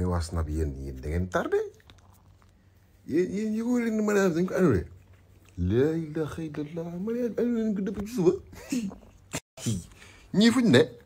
mais waa snap yéen yéen da ngeen tardé yéen yéen yi ko leen mariage dañ ko annulé laa ilaaha illallaah mariage annulé nañ ko depuis ci suba ñii fuñ ne